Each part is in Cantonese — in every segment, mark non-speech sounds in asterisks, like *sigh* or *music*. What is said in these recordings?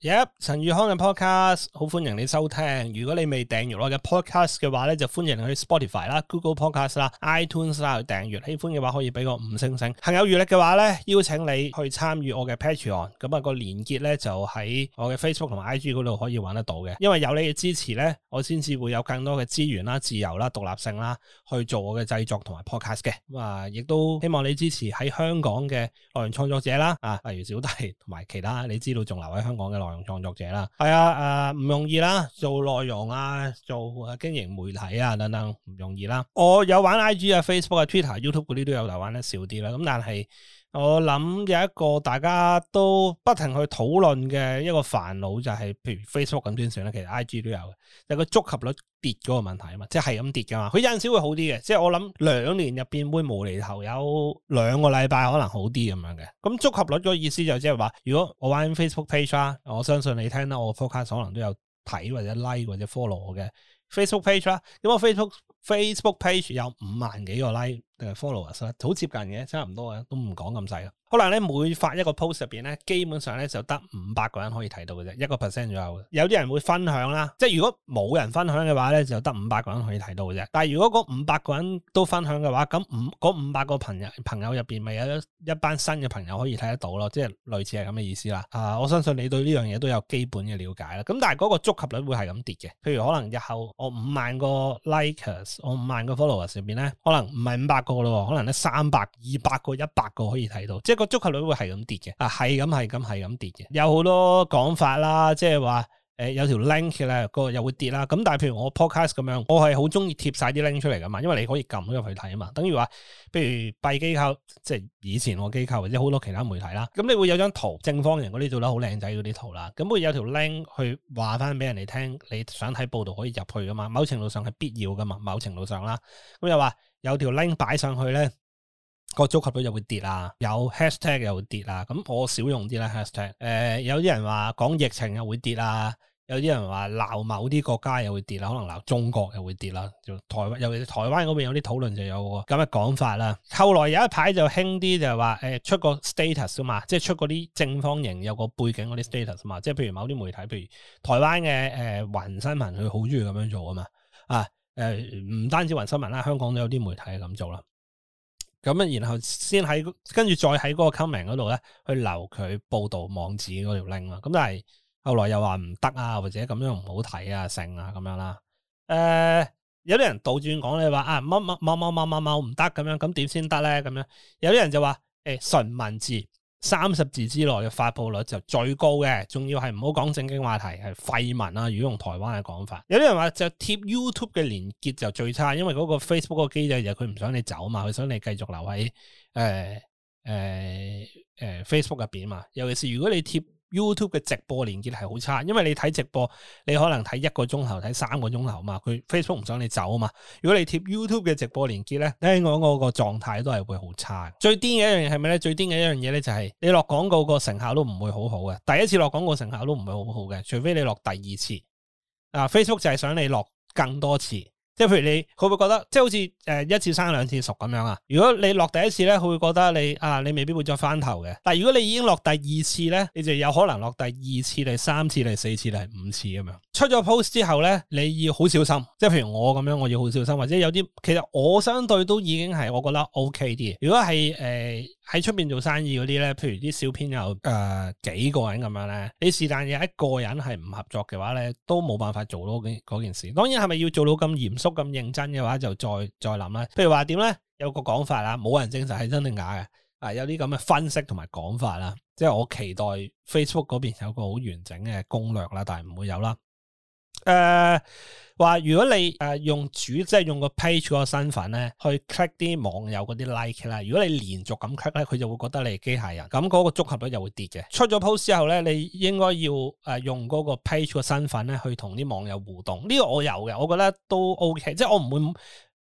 耶！陳宇、yep，康嘅 podcast 好歡迎你收聽。如果你未訂閱我嘅 podcast 嘅話咧，就歡迎你去 Spotify 啦、Google Podcast 啦、iTunes 啦去訂閱。喜歡嘅話可以俾個五星星。行有餘力嘅話咧，邀請你去參與我嘅 Patreon。咁、那、啊個連結咧就喺我嘅 Facebook 同埋 IG 度可以揾得到嘅。因為有你嘅支持咧，我先至會有更多嘅資源啦、自由啦、獨立性啦，去做我嘅製作同埋 podcast 嘅。咁啊，亦都希望你支持喺香港嘅內容創作者啦。啊，例如小弟同埋其他你知道仲留喺香港嘅內容創作者啦，係 *noise* 啊，誒唔容易啦，做內容啊，做經營媒體啊等等唔容易啦。我有玩 I G 啊、Facebook 啊、Twitter、 *noise* YouTube 嗰啲都有嚟玩，玩得少啲啦。咁但係。 *noise* *noise* 我諗有一個大家都不停去討論嘅一個煩惱就係，譬如 Facebook 咁端上咧，其實 IG 都有嘅，但個觸及率跌嗰個問題啊嘛，即係咁跌噶嘛。佢有陣時會好啲嘅，即係我諗兩年入邊會無厘頭有兩個禮拜可能好啲咁樣嘅。咁觸及率嗰個意思就即係話，如果我玩 Facebook page 啦，啊，我相信你聽啦，我 podcast 可能都有睇或者 like 或者 follow 我嘅 Facebook page 啦，啊。咁我 Facebook Facebook page 有五萬幾個 like。定係 followers 啦，好接近嘅，差唔多嘅，都唔講咁細。可能咧每發一個 post 入邊咧，基本上咧就得五百個人可以睇到嘅啫，一個 percent 左右。有啲人會分享啦，即係如果冇人分享嘅話咧，就得五百個人可以睇到嘅啫。但係如果嗰五百個人都分享嘅話，咁五嗰五百個朋友朋友入邊咪有一班新嘅朋友可以睇得到咯，即係類似係咁嘅意思啦。啊，我相信你對呢樣嘢都有基本嘅了解啦。咁但係嗰個觸及率會係咁跌嘅。譬如可能日後我五萬個 likers，我五萬個 followers 入邊咧，可能唔係五百。多咯，可能咧三百、二百個、一百個可以睇到，即係個觸及率會係咁跌嘅，啊係咁係咁係咁跌嘅，有好多講法啦，即係話。誒、呃、有條 link 嘅咧，個又會跌啦。咁但係譬如我 podcast 咁樣，我係好中意貼晒啲 link 出嚟噶嘛，因為你可以撳咗入去睇啊嘛。等於話，譬如閉機構，即係以前我機構或者好多其他媒體啦，咁你會有張圖正方形嗰啲做得好靚仔嗰啲圖啦，咁會有條 link 去話翻俾人哋聽，你想睇報道可以入去噶嘛。某程度上係必要噶嘛，某程度上啦。咁又話有條 link 擺上去咧，個組合率就會跌啊，有 hashtag 又會跌啊。咁我少用啲啦 hashtag。誒、呃、有啲人話講疫情又會跌啊。有啲人話鬧某啲國家又會跌啦，可能鬧中國又會跌啦。就台灣，尤其是台灣嗰邊有啲討論就有個咁嘅講法啦。後來有一排就興啲，就話誒出個 status 啊嘛，即係出嗰啲正方形有個背景嗰啲 status 啊嘛，即係譬如某啲媒體，譬如台灣嘅誒、呃、雲新聞，佢好中意咁樣做啊嘛。啊誒，唔、呃、單止雲新聞啦，香港都有啲媒體係咁做啦。咁啊，然後先喺跟住再喺嗰個 comment 嗰度咧，去留佢報道網址嗰條 link 啦。咁、啊、但係。後來又話唔得啊，或者咁樣唔好睇啊，剩啊咁樣啦。誒、呃，有啲人倒轉講你話啊，乜乜乜乜乜乜乜唔得咁樣，咁點先得咧？咁樣有啲人就話，誒、欸，純文字三十字之內嘅發佈率就最高嘅，仲要係唔好講正經話題，係廢文啊。如果用台灣嘅講法，有啲人話就貼 YouTube 嘅連結就最差，因為嗰個 Facebook 個機制就佢唔想你走嘛，佢想你繼續留喺誒誒誒 Facebook 入邊嘛。尤其是如果你貼 YouTube 嘅直播連結係好差，因為你睇直播，你可能睇一個鐘頭，睇三個鐘頭嘛。佢 Facebook 唔想你走啊嘛。如果你貼 YouTube 嘅直播連結咧，聽我講嗰個狀態都係會好差。最癲嘅一樣嘢係咪咧？最癲嘅一樣嘢咧就係、是、你落廣告個成效都唔會好好嘅。第一次落廣告成效都唔會好好嘅，除非你落第二次。啊，Facebook 就係想你落更多次。即係譬如你，佢會覺得即係好似誒一次生兩次熟咁樣啊。如果你落第一次咧，佢會，會覺得你啊，你未必會再翻頭嘅。但係如果你已經落第二次咧，你就有可能落第二次、第三次、第四次、第五次咁樣。出咗 post 之後咧，你要好小心。即係譬如我咁樣，我要好小心，或者有啲其實我相對都已經係我覺得 OK 啲。如果係誒喺出邊做生意嗰啲咧，譬如啲小編有誒、呃、幾個人咁樣咧，你是但有一個人係唔合作嘅話咧，都冇辦法做咯。嗰件事，當然係咪要做到咁嚴肅、咁認真嘅話，就再再諗啦。譬如話點咧，有個講法啦，冇人證實係真定假嘅。啊，有啲咁嘅分析同埋講法啦，即係我期待 Facebook 嗰邊有個好完整嘅攻略啦，但係唔會有啦。誒，話、呃、如果你誒用主，即係用個 page 個身份咧，去 click 啲網友嗰啲 like 啦。如果你連續咁 click 咧，佢就會覺得你係機械人，咁嗰個觸及率就會跌嘅。出咗 post 之後咧，你應該要誒用嗰個 page 嘅身份咧，去同啲網友互動。呢、這個我有嘅，我覺得都 OK，即係我唔會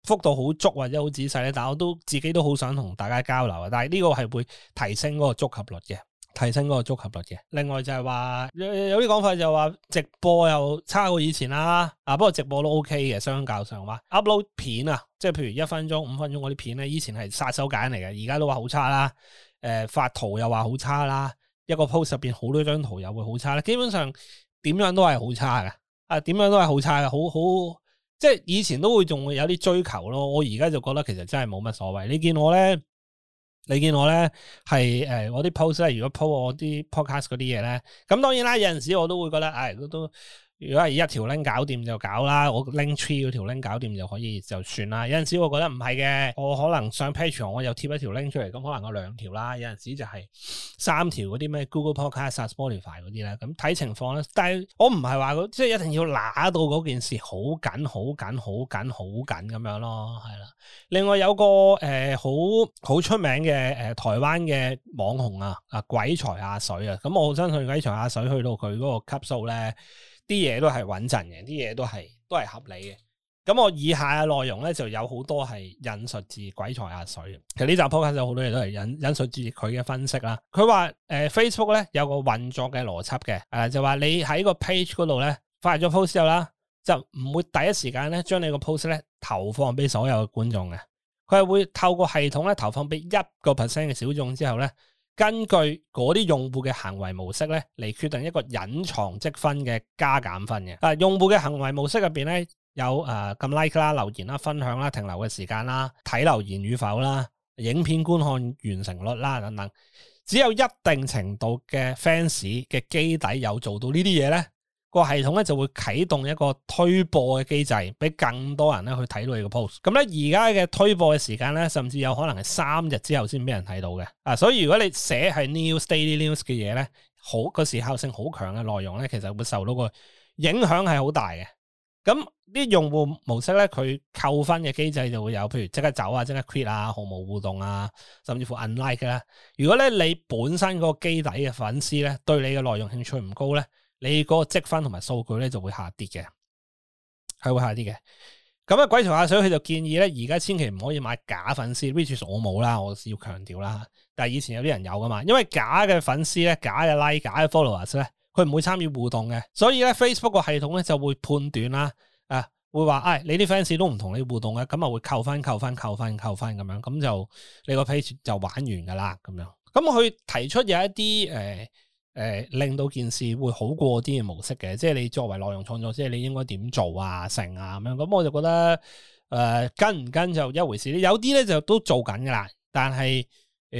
覆到好足或者好仔細咧。但係我都自己都好想同大家交流啊。但係呢個係會提升嗰個觸及率嘅。提升嗰個觸及率嘅。另外就係話有啲講法就話直播又差過以前啦。啊，不過直播都 OK 嘅，相較上話 upload 片啊，即係譬如一分鐘、五分鐘嗰啲片咧，以前係殺手鐧嚟嘅，而家都話好差啦。誒、呃、發圖又話好差啦，一個 post 入邊好多張圖又會好差啦。基本上點樣都係好差嘅。啊，點樣都係好差嘅，好好即係以前都會仲會有啲追求咯。我而家就覺得其實真係冇乜所謂。你見我咧？你見我咧，係誒，我啲 post 咧，如果 post 我啲 podcast 嗰啲嘢咧，咁當然啦，有陣時我都會覺得，哎，都。如果係一條 link 搞掂就搞啦，我 link tree 嗰條 link 搞掂就可以就算啦。有陣時我覺得唔係嘅，我可能上 Patreon 我又貼一條 link 出嚟，咁可能有兩條啦。有陣時就係三條嗰啲咩 Google Podcast、啊、Spotify 嗰啲咧，咁睇情況啦。但係我唔係話即係一定要拿到嗰件事好緊、好緊、好緊、好緊咁樣咯，係啦。另外有個誒好好出名嘅誒、呃、台灣嘅網紅啊啊鬼才阿水啊，咁我好相信鬼才阿水去到佢嗰個級數咧。啲嘢都係穩陣嘅，啲嘢都係都係合理嘅。咁我以下嘅內容咧就有好多係引述自鬼才阿水。其實呢集 podcast 有好多嘢都係引引述自佢嘅分析啦。佢話誒 Facebook 咧有個運作嘅邏輯嘅，誒、呃、就話你喺個 page 嗰度咧發咗 post 之後啦，就唔會第一時間咧將你個 post 咧投放俾所有嘅觀眾嘅，佢係會透過系統咧投放俾一個 percent 嘅小眾之後咧。根據嗰啲用戶嘅行為模式咧，嚟決定一個隱藏積分嘅加減分嘅用戶嘅行為模式入面有誒撳 like 留言分享停留嘅時間啦、睇留言與否影片觀看完成率等等，只有一定程度嘅 fans 嘅基底有做到這些東西呢啲嘢咧。個系統咧就會啟動一個推播嘅機制，俾更多人咧去睇到你個 post。咁咧而家嘅推播嘅時間咧，甚至有可能係三日之後先俾人睇到嘅。啊，所以如果你寫係 news daily news 嘅嘢咧，好個時效性好強嘅內容咧，其實會受到個影響係好大嘅。咁啲用戶模式咧，佢扣分嘅機制就會有，譬如即刻走啊，即刻 quit 啊，毫無互動啊，甚至乎 unlike 嘅啦。如果咧你本身嗰個基底嘅粉絲咧，對你嘅內容興趣唔高咧。你嗰個積分同埋數據咧就會下跌嘅，係會下跌嘅。咁啊，鬼頭阿水佢就建議咧，而家千祈唔可以買假粉絲。which 我冇啦，我要強調啦。但係以前有啲人有噶嘛，因為假嘅粉絲咧、假嘅 like、假嘅 followers 咧，佢唔會參與互動嘅，所以咧 Facebook 個系統咧就會判斷啦，啊會話唉、哎，你啲粉絲都唔同你互動嘅，咁啊會扣分、扣分、扣分、扣分咁樣，咁就你個 page 就玩完噶啦咁樣。咁佢提出有一啲誒。呃誒、呃，令到件事會好過啲嘅模式嘅，即係你作為內容創作者，你應該點做啊、成啊咁樣。咁我就覺得誒、呃，跟唔跟就一回事。有啲咧就都做緊噶啦，但係誒、呃，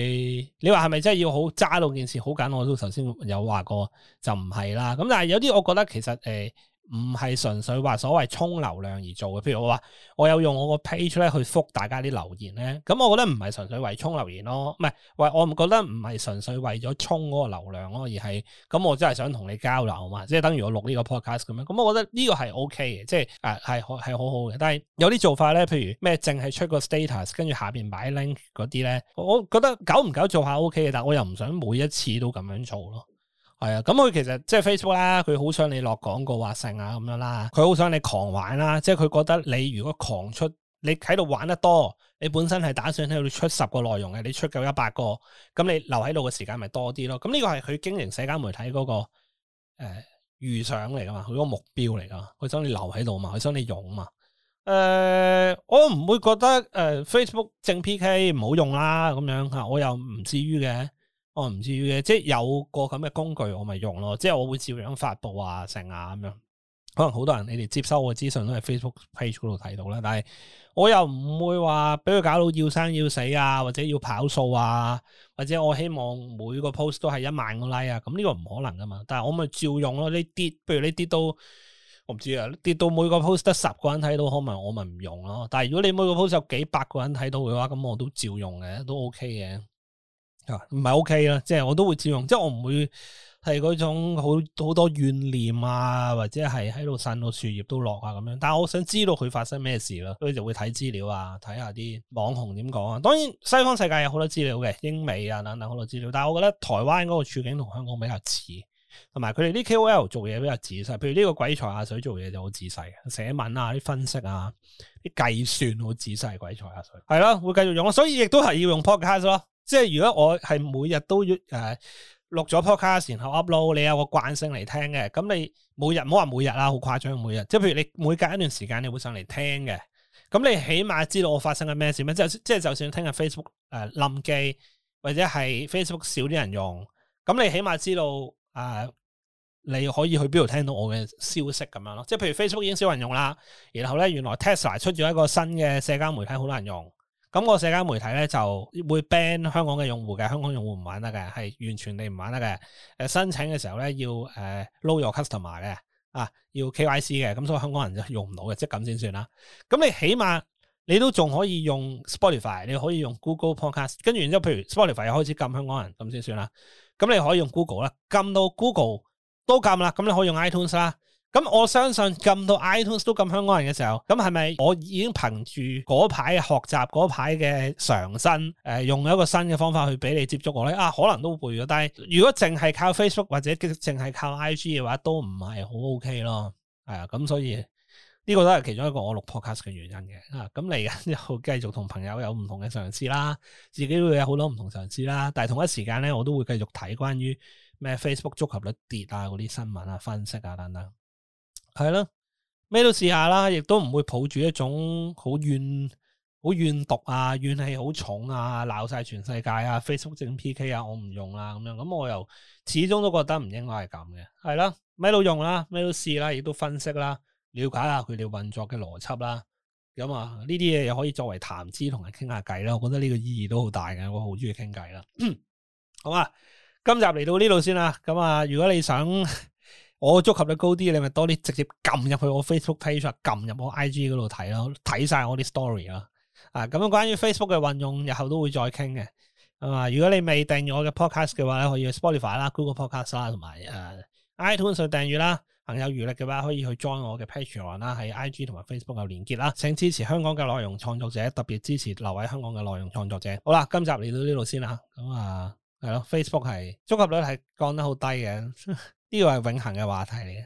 你話係咪真係要好揸到件事好緊？我都頭先有話過就唔係啦。咁但係有啲，我覺得其實誒。呃唔係純粹話所謂充流量而做嘅，譬如我話我有用我個 page 咧去覆，覆大家啲留言咧，咁我覺得唔係純粹為充留言咯，唔係為我唔覺得唔係純粹為咗充嗰個流量咯，而係咁我真係想同你交流嘛，即係等於我錄呢個 podcast 咁樣，咁我覺得呢個係 O K 嘅，即係誒係係好好嘅。但係有啲做法咧，譬如咩淨係出個 status，跟住下邊擺 link 嗰啲咧，我覺得久唔久做下 O K 嘅，但係我、OK、我又唔想每一次都咁樣做咯。係啊，咁佢、嗯、其實即係 Facebook 啦，佢、就、好、是、想你落廣告啊，剩啊咁樣啦，佢好想你狂玩啦，即係佢覺得你如果狂出，你喺度玩得多，你本身係打算喺度出十個內容嘅，你出夠一百個，咁你留喺度嘅時間咪多啲咯。咁呢個係佢經營社交媒體嗰、那個誒預想嚟噶嘛，佢、呃、個目標嚟噶嘛，佢想你留喺度嘛，佢想你用嘛。誒、呃，我唔會覺得誒、呃、Facebook 正 PK 唔好用啦，咁樣吓，我又唔至於嘅。我唔知嘅，即係有個咁嘅工具，我咪用咯。即係我會照樣發布啊成啊咁樣。可能好多人你哋接收我嘅資訊都係 Facebook page 嗰度睇到啦。但係我又唔會話俾佢搞到要生要死啊，或者要跑數啊，或者我希望每個 post 都係一萬個 like 啊。咁呢個唔可能噶嘛。但係我咪照用咯。呢啲，不如呢啲都我唔知啊。跌到每個 post 得十個人睇到，可能我咪唔用咯。但係如果你每個 post 有幾百個人睇到嘅話，咁我都照用嘅，都 OK 嘅。唔係、啊、OK 啦，即係我都會照用，即係我唔會係嗰種好好多怨念啊，或者係喺度散到樹葉都落啊咁樣。但係我想知道佢發生咩事咯，所以就會睇資料啊，睇下啲網紅點講啊。當然西方世界有好多資料嘅，英美啊、等等好多資料。但係我覺得台灣嗰個處境同香港比較似，同埋佢哋啲 KOL 做嘢比較仔細，譬如呢個鬼才阿水做嘢就好仔細，寫文啊、啲分析啊、啲計算好仔細。鬼才阿水係咯、啊，會繼續用，所以亦都係要用 podcast 咯。即係如果我係每日都要誒錄咗 podcast 然後 upload，你有個慣性嚟聽嘅，咁你每日唔好話每日啦，好誇張每日。即係譬如你每隔一段時間你會上嚟聽嘅，咁你起碼知道我發生緊咩事咩。即係，即係就算聽日 Facebook 誒、呃、冧機，或者係 Facebook 少啲人用，咁你起碼知道啊、呃，你可以去邊度聽到我嘅消息咁樣咯。即係譬如 Facebook 已經少人用啦，然後咧原來 Tesla 出咗一個新嘅社交媒體好多人用。咁個社交媒體咧就會 ban 香港嘅用戶嘅，香港用戶唔玩得嘅，係完全你唔玩得嘅。誒申請嘅時候咧，要誒 know your customer 嘅，啊要 K Y C 嘅，咁所以香港人用就用唔到嘅，即係咁先算啦。咁你起碼你都仲可以用 Spotify，你可以用 Google Podcast，跟住然之後譬如 Spotify 又開始禁香港人，咁先算啦。咁你可以用 Google 啦，禁到 Google Go 都禁啦，咁你可以用 iTunes 啦。咁我相信撳到 iTunes 都撳香港人嘅時候，咁係咪我已經憑住嗰排學習嗰排嘅嘗新，誒、呃、用一個新嘅方法去俾你接觸我咧？啊，可能都會嘅，但係如果淨係靠 Facebook 或者淨係靠 IG 嘅話，都唔係好 OK 咯。係啊，咁所以呢、這個都係其中一個我錄 podcast 嘅原因嘅。啊，咁嚟緊又繼續同朋友有唔同嘅嘗試啦，自己會有好多唔同嘗試啦。但係同一時間咧，我都會繼續睇關於咩 Facebook 觸及率跌啊嗰啲新聞啊、分析啊等等。係啦，咩都試下啦，亦都唔會抱住一種好怨、好怨毒啊、怨氣好重啊、鬧晒全世界啊、Facebook 整 PK 啊，我唔用啦咁樣。咁我又始終都覺得唔應該係咁嘅。係啦，咩都用啦、啊，咩都試啦、啊，亦都分析啦、啊，了解下佢哋運作嘅邏輯啦。咁啊，呢啲嘢又可以作為談資，同人傾下偈啦。我覺得呢個意義都好大嘅，我好中意傾偈啦。好啊，今集嚟到呢度先啦。咁啊，如果你想。我觸及率高啲，你咪多啲直接撳入去我 Facebook page 啊，撳入我 IG 嗰度睇咯，睇晒我啲 story 咯。啊，咁啊，關於 Facebook 嘅運用，日後都會再傾嘅。啊，如果你未訂閱我嘅 podcast 嘅話咧，可以 Spotify 啦、Google Podcast 啦，同埋誒 iTunes 訂閲啦。朋友餘力嘅話，可以去 join、啊 uh, 啊、我嘅 Patreon 啦，喺 IG 同埋 Facebook 有連結啦、啊。請支持香港嘅內容創作者，特別支持留喺香港嘅內容創作者。好啦，今集嚟到呢度先啦。咁啊，係咯，Facebook 係觸及率係降得好低嘅。 *laughs* 呢個係永恆嘅話題嚟嘅，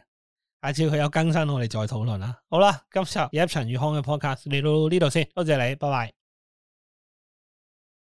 下次佢有更新我哋再討論啦。好啦，今集有陳宇康嘅 podcast 嚟到呢度先，多謝你，拜拜。